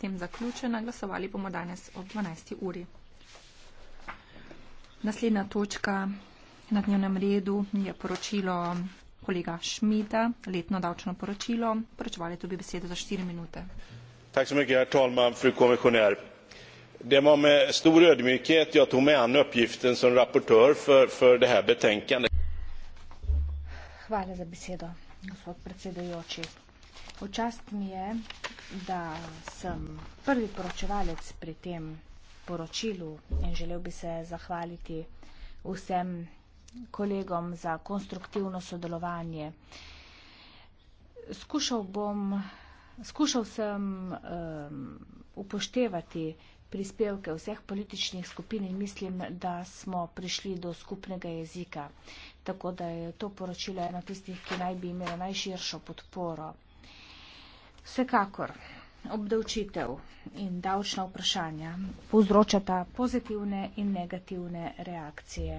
tem zaključena. Glasovali bomo danes ob 12. uri. Naslednja točka na dnevnem redu je poročilo kolega Šmita, letno davčno poročilo. Poročevali tu bi besedo za 4 minute. Tak so mekaj, talman, fru komisionar. Det var med stor ödmjukhet jag tog mig an uppgiften som rapportör för, för det här betänkandet. Hvala za besedo, gospod predsedujoči. Včast mi je, da sem prvi poročevalec pri tem poročilu in želel bi se zahvaliti vsem kolegom za konstruktivno sodelovanje. Skušal, bom, skušal sem um, upoštevati prispevke vseh političnih skupin in mislim, da smo prišli do skupnega jezika, tako da je to poročilo eno tistih, ki naj bi imelo najširšo podporo. Vsekakor obdavčitev in davčna vprašanja povzročata pozitivne in negativne reakcije.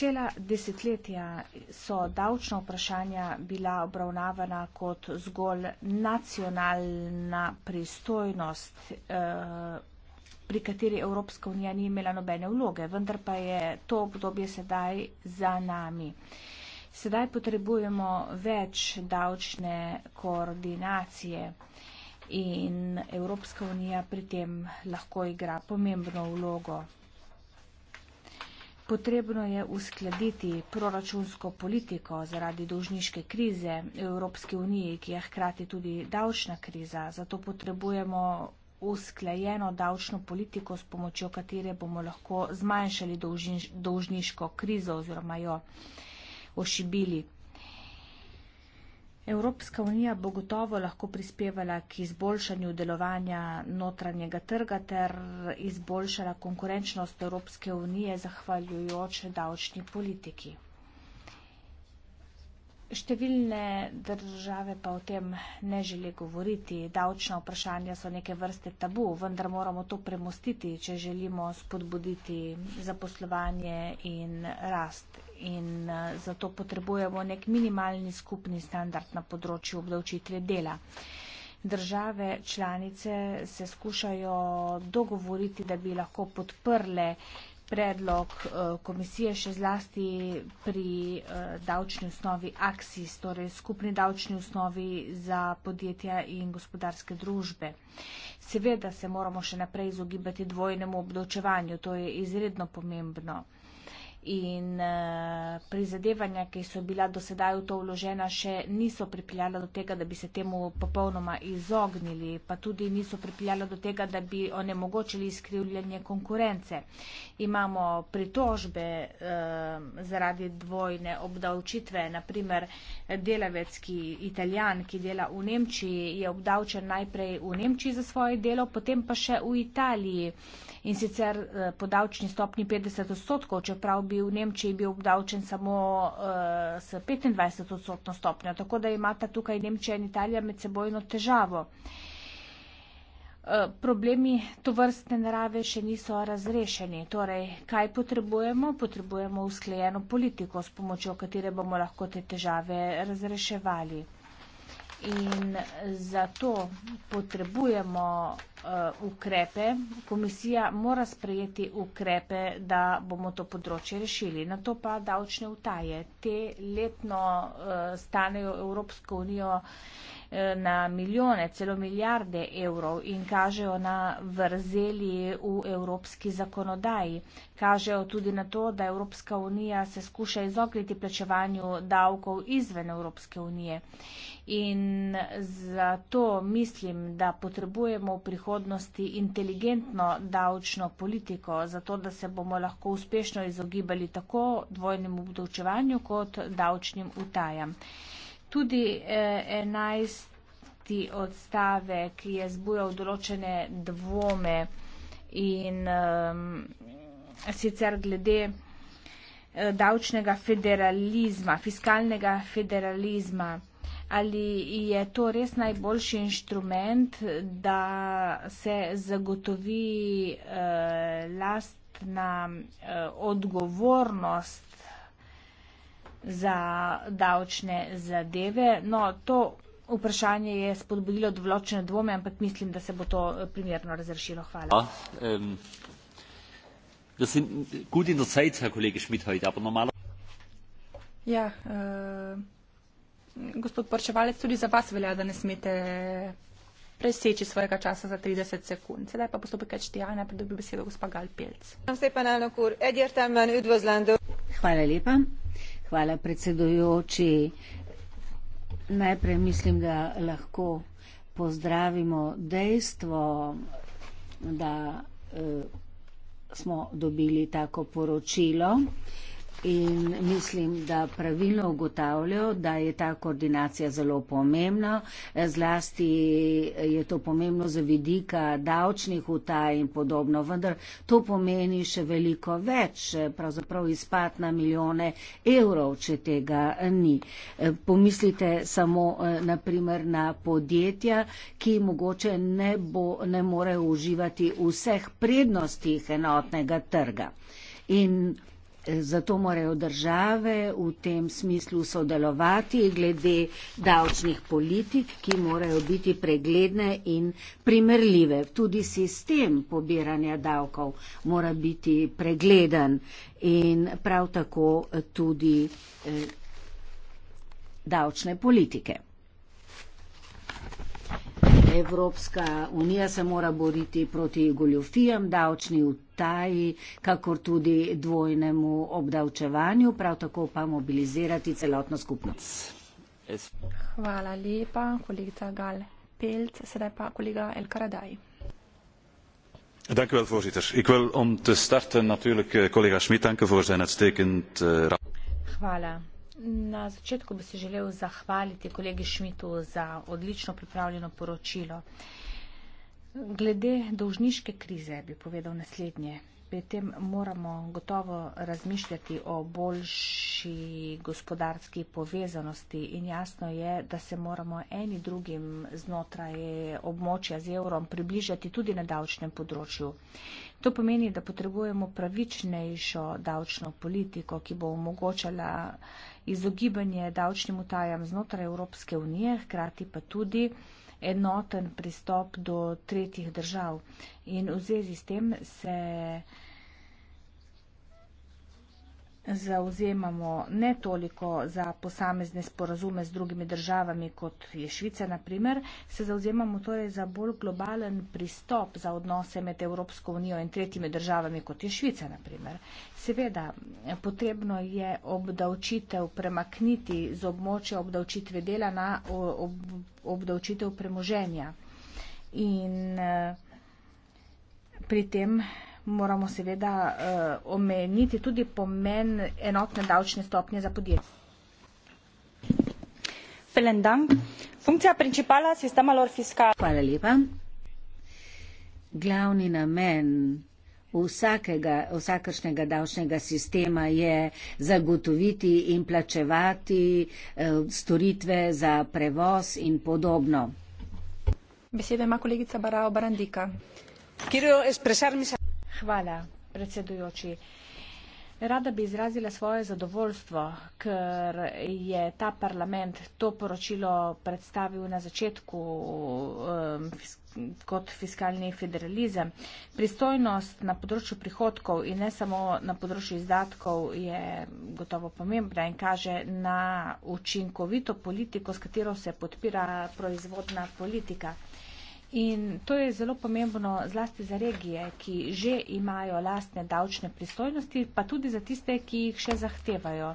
Cela desetletja so davčna vprašanja bila obravnavana kot zgolj nacionalna pristojnost, eh, pri kateri Evropska unija ni imela nobene vloge, vendar pa je to obdobje sedaj za nami. Sedaj potrebujemo več davčne koordinacije in Evropska unija pri tem lahko igra pomembno vlogo. Potrebno je uskladiti proračunsko politiko zaradi dolžniške krize v Evropski uniji, ki je hkrati tudi davčna kriza. Zato potrebujemo usklajeno davčno politiko, s pomočjo katere bomo lahko zmanjšali dolžniško krizo oziroma jo ošibili. Evropska unija bo gotovo lahko prispevala k izboljšanju delovanja notranjega trga ter izboljšala konkurenčnost Evropske unije zahvaljujoč davčni politiki. Številne države pa o tem ne želi govoriti. Davčna vprašanja so neke vrste tabu, vendar moramo to premostiti, če želimo spodbuditi zaposlovanje in rast. In eh, zato potrebujemo nek minimalni skupni standard na področju obdavčitve dela. Države članice se skušajo dogovoriti, da bi lahko podprle predlog eh, komisije še zlasti pri eh, davčni osnovi AXIS, torej skupni davčni osnovi za podjetja in gospodarske družbe. Seveda se moramo še naprej izogibati dvojnemu obdočevanju, to je izredno pomembno in eh, prizadevanja, ki so bila dosedaj v to vložena, še niso pripeljala do tega, da bi se temu popolnoma izognili, pa tudi niso pripeljala do tega, da bi onemogočili izkrivljanje konkurence. Imamo pritožbe eh, zaradi dvojne obdavčitve, naprimer delavec, ki italijan, ki dela v Nemčiji, je obdavčen najprej v Nemčiji za svoje delo, potem pa še v Italiji in sicer eh, po davčni stopni 50 odstotkov, čeprav bi v Nemčiji bil obdavčen samo eh, s 25 odstotno stopnjo. Tako da imata tukaj Nemčija in Italija med sebojno težavo. Eh, problemi to vrste narave še niso razrešeni. Torej, kaj potrebujemo? Potrebujemo usklejeno politiko, s pomočjo katere bomo lahko te težave razreševali in zato potrebujemo uh, ukrepe. Komisija mora sprejeti ukrepe, da bomo to področje rešili. Na to pa davčne utaje. Te letno uh, stanejo Evropsko unijo na milijone, celo milijarde evrov in kažejo na vrzeli v evropski zakonodaji. Kažejo tudi na to, da Evropska unija se skuša izogniti plačevanju davkov izven Evropske unije. In zato mislim, da potrebujemo v prihodnosti inteligentno davčno politiko, zato da se bomo lahko uspešno izogibali tako dvojnemu obdavčevanju kot davčnim utajam. Tudi eh, enajsti odstavek je zbujal določene dvome in eh, sicer glede eh, davčnega federalizma, fiskalnega federalizma. Ali je to res najboljši inštrument, da se zagotovi eh, lastna eh, odgovornost za davčne zadeve. No, to vprašanje je spodbudilo določene dvome, ampak mislim, da se bo to eh, primerno razrešilo. Hvala. Ja, um, Gospod poročevalec, tudi za vas velja, da ne smete preseči svojega časa za 30 sekund. Sedaj pa postopek več tijana, pa dobi besedo gospa Galpelc. Hvala lepa. Uh, Hvala, predsedujoči. Najprej mislim, da lahko pozdravimo dejstvo, da eh, smo dobili tako poročilo. Eh, in mislim, da pravilno ugotavljajo, da je ta koordinacija zelo pomembna. Zlasti je to pomembno za vidika davčnih utaj in podobno, vendar to pomeni še veliko več, pravzaprav izpad na milijone evrov, če tega ni. Pomislite samo eh, naprimer na podjetja, ki mogoče ne, bo, ne morejo uživati vseh prednostih enotnega trga. In Zato morajo države v tem smislu sodelovati glede davčnih politik, ki morajo biti pregledne in primerljive. Tudi sistem pobiranja davkov mora biti pregleden in prav tako tudi eh, davčne politike. Evropska unija se mora boriti proti goljofijam, davčni utaji, kakor tudi dvojnemu obdavčevanju, prav tako pa mobilizirati celotno skupnost. Hvala lepa, kolegica Gal Pelt, sedaj pa kolega El Karadaj. Dank u wel, voorzitter. Ik wil om te starten natuurlijk eh, collega Schmid danken voor zijn uitstekend eh, rapport. Uh... Na začetku bi se želel zahvaliti kolegi Šmitu za odlično pripravljeno poročilo. Glede dolžniške krize bi povedal naslednje. Pri tem moramo gotovo razmišljati o boljši gospodarski povezanosti in jasno je, da se moramo eni drugim znotraj območja z evrom približati tudi na davčnem področju. To pomeni, da potrebujemo pravičnejšo davčno politiko, ki bo omogočala izogibanje davčnim utajam znotraj Evropske unije, hkrati pa tudi enoten pristop do tretjih držav. In v zvezi s tem se zauzemamo ne toliko za posamezne sporazume z drugimi državami, kot je Švica na primer, se zauzemamo torej za bolj globalen pristop za odnose med Evropsko unijo in tretjimi državami, kot je Švica na primer. Seveda, potrebno je obdavčitev premakniti z območja obdavčitve dela na ob, obdavčitev premoženja. In eh, pri tem moramo seveda uh, omeniti tudi pomen enotne davčne stopnje za podjetje. Hvala lepa. Glavni namen vsakega, vsakršnega davčnega sistema je zagotoviti in plačevati uh, storitve za prevoz in podobno. Besedo ima kolegica Barao Barandika. Quiero expresar mis hvala, predsedujoči. Rada bi izrazila svoje zadovoljstvo, ker je ta parlament to poročilo predstavil na začetku um, kot fiskalni federalizem. Pristojnost na področju prihodkov in ne samo na področju izdatkov je gotovo pomembna in kaže na učinkovito politiko, s katero se podpira proizvodna politika. In to je zelo pomembno zlasti za regije, ki že imajo lastne davčne pristojnosti, pa tudi za tiste, ki jih še zahtevajo.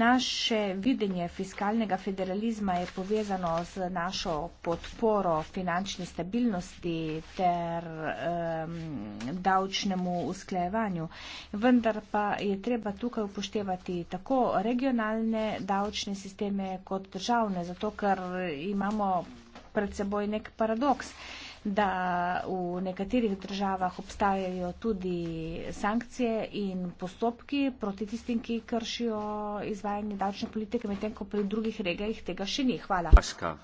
Naše videnje fiskalnega federalizma je povezano z našo podporo finančni stabilnosti ter um, davčnemu usklejevanju. Vendar pa je treba tukaj upoštevati tako regionalne davčne sisteme kot državne, zato ker imamo pred seboj nek paradoks, da v nekaterih državah obstajajo tudi sankcije in postopki proti tistim, ki kršijo izvajanje davčne politike, medtem ko pri drugih regijah tega še ni. Hvala. Paška.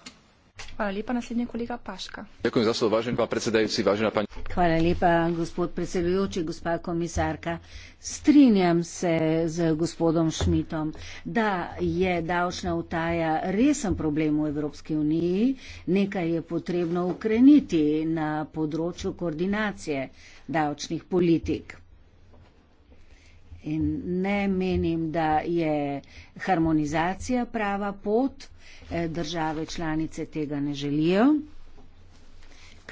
Hvala lepa. Naslednji kolega Paška. Ďakujem za slovo, vážený pán predsedajúci, vážená pani. Hvala lepa, gospod predsedujoči, gospa komisarka. Strinjam se z gospodom Šmitom, da je davčna utaja resen problem v Evropski uniji. Nekaj je potrebno ukreniti na področju koordinacije davčnih politik. In ne menim, da je harmonizacija prava pot, eh, države članice tega ne želijo.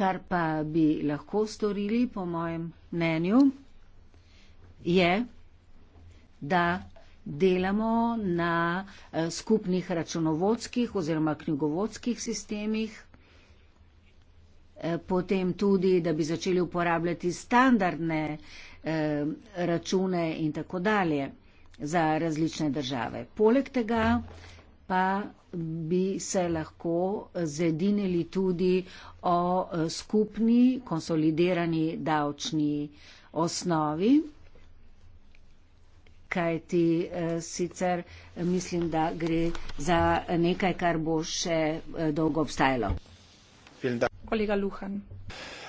Kar pa bi lahko storili, po mojem mnenju, je, da delamo na eh, skupnih računovodskih oziroma knjigovodskih sistemih, eh, potem tudi, da bi začeli uporabljati standardne eh, račune in tako dalje za različne države. Poleg tega pa bi se lahko zedinili tudi o e, skupni konsolidirani davčni osnovi, kajti e, sicer mislim, da gre za nekaj, kar bo še e, dolgo obstajalo. Kolega Luhan.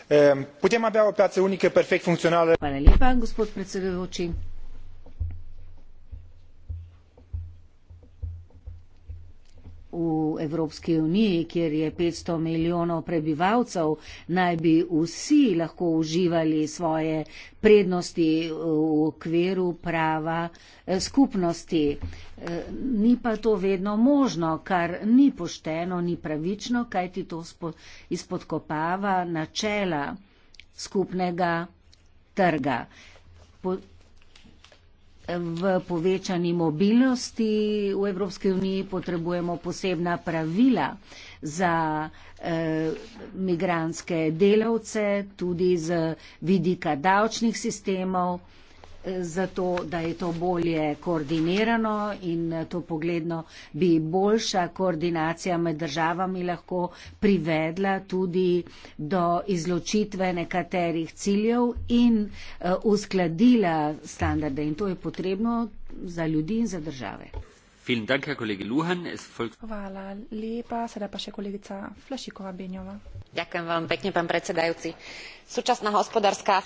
Ehm, putem avea o piaă unică perfect funcională V Evropski uniji, kjer je 500 milijonov prebivalcev, naj bi vsi lahko uživali svoje prednosti v okviru prava eh, skupnosti. Eh, ni pa to vedno možno, kar ni pošteno, ni pravično, kaj ti to izpodkopava načela skupnega trga v povečani mobilnosti v Evropski uniji potrebujemo posebna pravila za eh, migranske delavce, tudi z vidika davčnih sistemov zato, da je to bolje koordinirano in eh, to pogledno bi boljša koordinacija med državami lahko privedla tudi do izločitve nekaterih ciljev in eh, uskladila standarde in to je potrebno za ljudi in za države. Dank, Luhan, folk... Hvala lepa, sedaj pa še kolegica Flašikova Benjova. Ďakujem vám pekne, pán predsedajúci. Súčasná hospodárska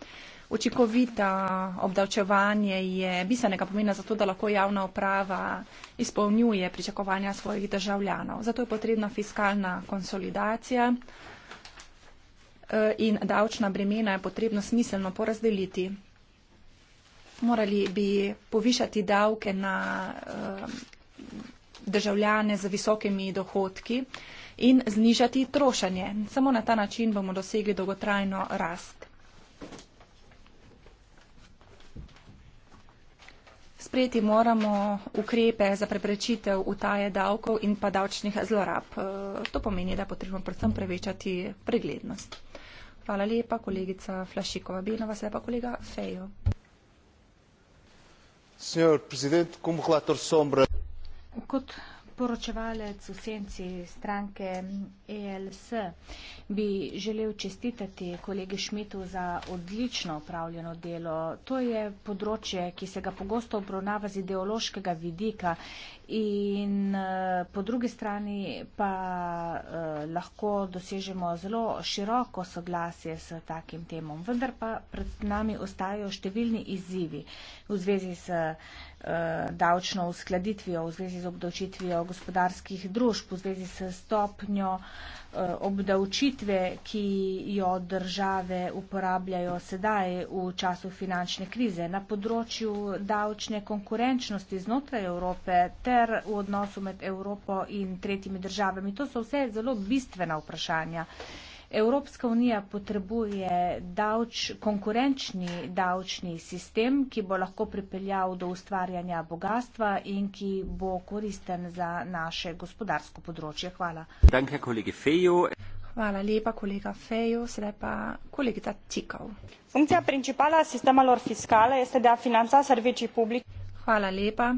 učinkovita obdavčevanje je bistvenega pomena za to, da lahko javna uprava izpolnjuje pričakovanja svojih državljanov. Zato je potrebna fiskalna konsolidacija eh, in davčna bremena je potrebno smiselno porazdeliti. Morali bi povišati davke na eh, državljane z visokimi dohodki in znižati trošanje. Samo na ta način bomo dosegli dolgotrajno rast. sprejeti moramo ukrepe za preprečitev utaje davkov in pa davčnih zlorab. Eh, to pomeni, da potrebno predvsem prevečati preglednost. Hvala lepa, kolegica Flašikova. Bino vas lepa, kolega Fejo. Kot poročevalec v senci stranke ELS, bi želel čestitati kolegi Šmitu za odlično upravljeno delo. To je področje, ki se ga pogosto obravnava z ideološkega vidika in eh, po drugi strani pa eh, lahko dosežemo zelo široko soglasje s takim temom. Vendar pa pred nami ostajajo številni izzivi v zvezi s Eh, davčno uskladitvijo v zvezi z obdavčitvijo gospodarskih družb, v zvezi s stopnjo eh, obdavčitve, ki jo države uporabljajo sedaj v času finančne krize na področju davčne konkurenčnosti znotraj Evrope ter v odnosu med Evropo in tretjimi državami. To so vse zelo bistvena vprašanja. Evropska unija potrebuje davč, konkurenčni davčni sistem, ki bo lahko pripeljal do ustvarjanja bogatstva in ki bo koristen za naše gospodarsko področje. Hvala. Danke, kolegi Fejo. Hvala lepa, kolega Fejo. Sedaj pa kolegica Tikov. Funkcija principala sistema lor fiskale je sedaj financa servici publiki. Hvala lepa.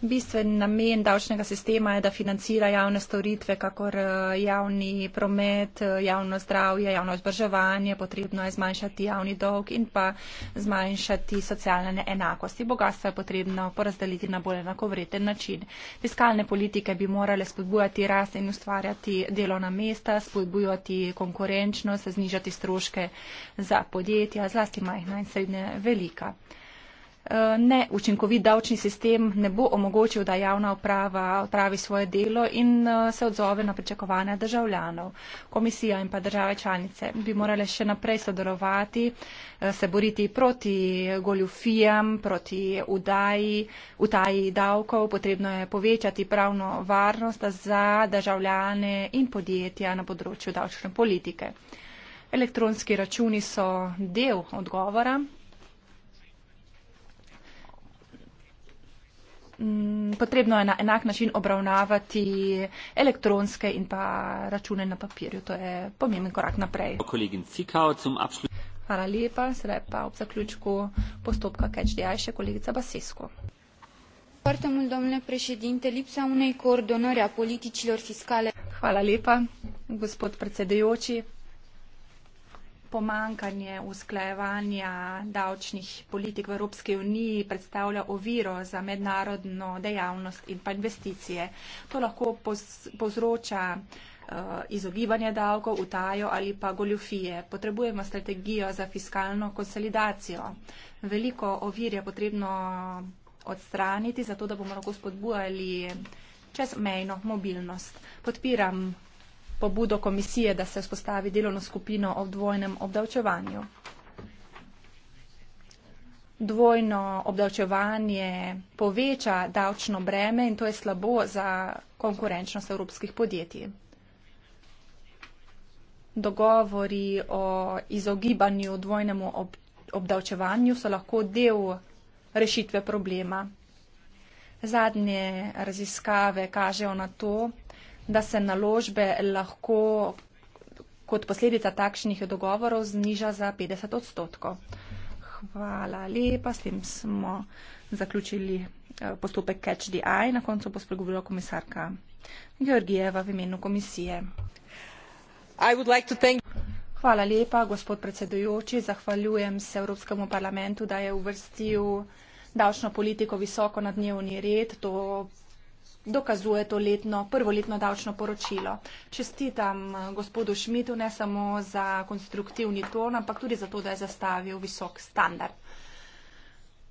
Bistven namen davčnega sistema je, da financira javne storitve, kakor eh, javni promet, eh, javno zdravje, javno izbrževanje, potrebno je zmanjšati javni dolg in pa zmanjšati socialne neenakosti. Bogatstvo je potrebno porazdeliti na bolj enakovreten način. Fiskalne politike bi morale spodbujati rast in ustvarjati delovna mesta, spodbujati konkurenčnost, znižati stroške za podjetja, zlasti majhna in srednje velika. Eh, neučinkovit davčni sistem ne bo omogočil, da javna uprava opravi svoje delo in eh, se odzove na pričakovanja državljanov. Komisija in pa države članice bi morale še naprej sodelovati, eh, se boriti proti goljufijam, proti udaji, utaji davkov. Potrebno je povečati pravno varnost za državljane in podjetja na področju davčne politike. Elektronski računi so del odgovora, Mm, potrebno je na enak način obravnavati elektronske in pa račune na papirju. To je pomemben korak naprej. Hvala lepa, sedaj pa ob zaključku postopka KEČDI še kolegica Basesko. Hvala lepa, gospod predsedujoči pomankanje usklajevanja davčnih politik v Evropski uniji predstavlja oviro za mednarodno dejavnost in pa investicije. To lahko povzroča eh, izogibanje davkov, utajo ali pa goljofije. Potrebujemo strategijo za fiskalno konsolidacijo. Veliko ovir je potrebno odstraniti, zato da bomo lahko spodbujali čezmejno mobilnost. Podpiram pobudo komisije, da se vzpostavi delovno skupino o dvojnem obdavčevanju. Dvojno obdavčevanje poveča davčno breme in to je slabo za konkurenčnost evropskih podjetij. Dogovori o izogibanju dvojnemu ob, obdavčevanju so lahko del rešitve problema. Zadnje raziskave kažejo na to, da se naložbe lahko kot posledica takšnih dogovorov zniža za 50 odstotkov. Hvala lepa, s tem smo zaključili eh, postopek Catch the Eye. Na koncu bo spregovorila komisarka Georgijeva v imenu komisije. Hvala lepa, gospod predsedujoči. Zahvaljujem se Evropskemu parlamentu, da je uvrstil davčno politiko visoko na dnevni red. To dokazuje to letno, prvoletno davčno poročilo. Čestitam eh, gospodu Šmitu ne samo za konstruktivni ton, ampak tudi za to, da je zastavil visok standard.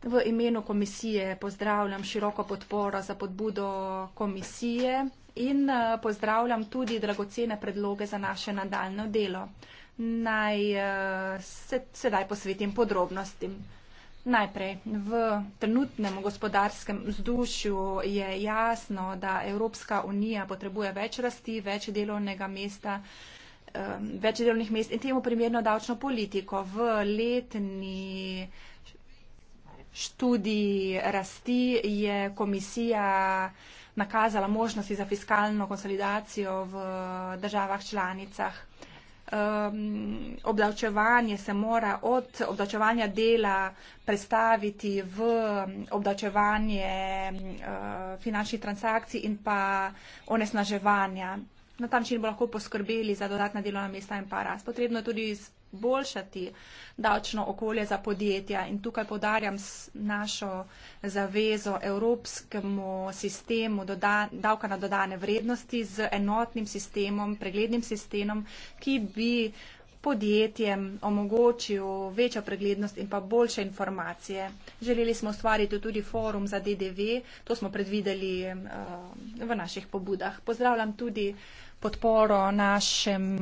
V imenu komisije pozdravljam široko podporo za podbudo komisije in eh, pozdravljam tudi dragocene predloge za naše nadaljno delo. Naj eh, se sedaj posvetim podrobnostim. Najprej, v trenutnem gospodarskem vzdušju je jasno, da Evropska unija potrebuje več rasti, več delovnega mesta, več delovnih mest in temu primerno davčno politiko. V letni študiji rasti je komisija nakazala možnosti za fiskalno konsolidacijo v državah članicah um, obdavčevanje se mora od obdavčevanja dela prestaviti v um, obdavčevanje uh, finančnih transakcij in pa onesnaževanja. Na ta način bomo lahko poskrbeli za dodatna delovna mesta in pa rast. Potrebno je tudi izboljšati davčno okolje za podjetja. In tukaj podarjam našo zavezo evropskemu sistemu doda, davka na dodane vrednosti z enotnim sistemom, preglednim sistemom, ki bi podjetjem omogočil večjo preglednost in pa boljše informacije. Želeli smo ustvariti tudi forum za DDV, to smo predvideli uh, v naših pobudah. Pozdravljam tudi podporo našem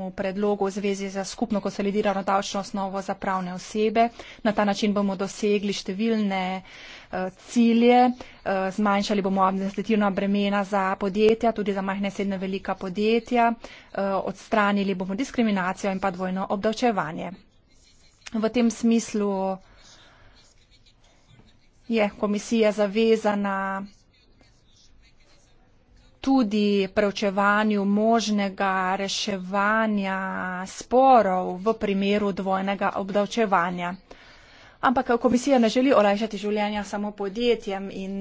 temu predlogu v zvezi za skupno konsolidirano davčno osnovo za pravne osebe. Na ta način bomo dosegli številne eh, cilje, eh, zmanjšali bomo administrativna bremena za podjetja, tudi za majhne srednje velika podjetja, eh, odstranili bomo diskriminacijo in pa dvojno obdavčevanje. V tem smislu je komisija zavezana tudi preučevanju možnega reševanja sporov v primeru dvojnega obdavčevanja. Ampak komisija ne želi olajšati življenja samo podjetjem in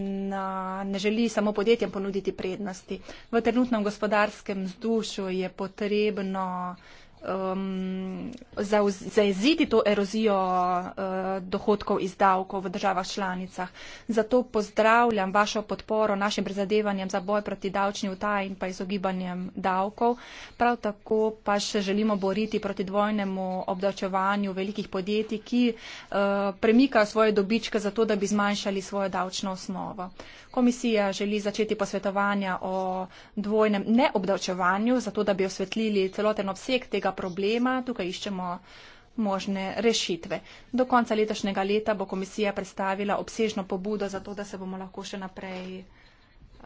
ne želi samo podjetjem ponuditi prednosti. V trenutnem gospodarskem vzdušju je potrebno um, zaeziti to erozijo uh, dohodkov iz davkov v državah članicah. Zato pozdravljam vašo podporo našim prizadevanjem za boj proti davčni utaji in pa izogibanjem davkov. Prav tako pa še želimo boriti proti dvojnemu obdavčevanju velikih podjetij, ki uh, premikajo svoje dobičke zato, da bi zmanjšali svojo davčno osnovo. Komisija želi začeti posvetovanja o dvojnem neobdavčevanju, zato da bi osvetlili celoten obseg tega problema. Tukaj iščemo možne rešitve. Do konca letošnjega leta bo komisija predstavila obsežno pobudo za to, da se bomo lahko še naprej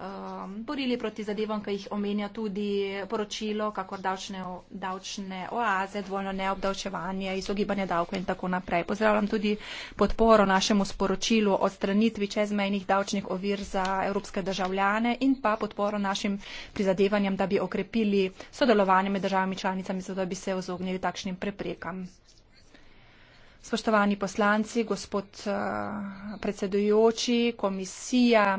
um, borili proti zadevam, ki jih omenja tudi poročilo, kakor davčne, davčne oaze, dvojno neobdavčevanje, izogibanje davko in tako naprej. Pozdravljam tudi podporo našemu sporočilu o stranitvi čezmejnih davčnih ovir za evropske državljane in pa podporo našim prizadevanjem, da bi okrepili sodelovanje med državami članicami, zato da bi se ozognili takšnim preprekam. Spoštovani poslanci, gospod uh, predsedujoči, komisija,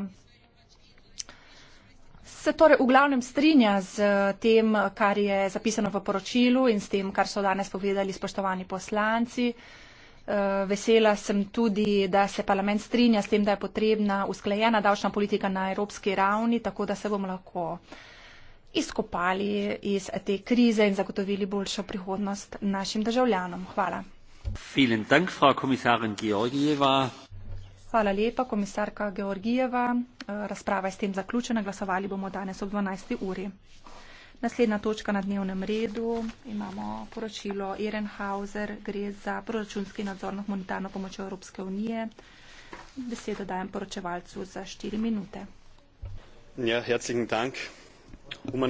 se torej v glavnem strinja z eh, tem, kar je zapisano v poročilu in s tem, kar so danes povedali spoštovani poslanci. Eh, vesela sem tudi, da se parlament strinja s tem, da je potrebna usklajena davčna politika na evropski ravni, tako da se bomo lahko izkopali iz te krize in zagotovili boljšo prihodnost našim državljanom. Hvala. Vielen Dank, Frau Kommissarin Georgieva. Hvala lepa, komisarka Georgijeva. Eh, razprava je s tem zaključena. Glasovali bomo danes ob 12. uri. Naslednja točka na dnevnem redu. Imamo poročilo Ehrenhauser. Gre za proračunski nadzor na humanitarno pomoč Evropske unije. Besedo dajem poročevalcu za 4 minute. Ja,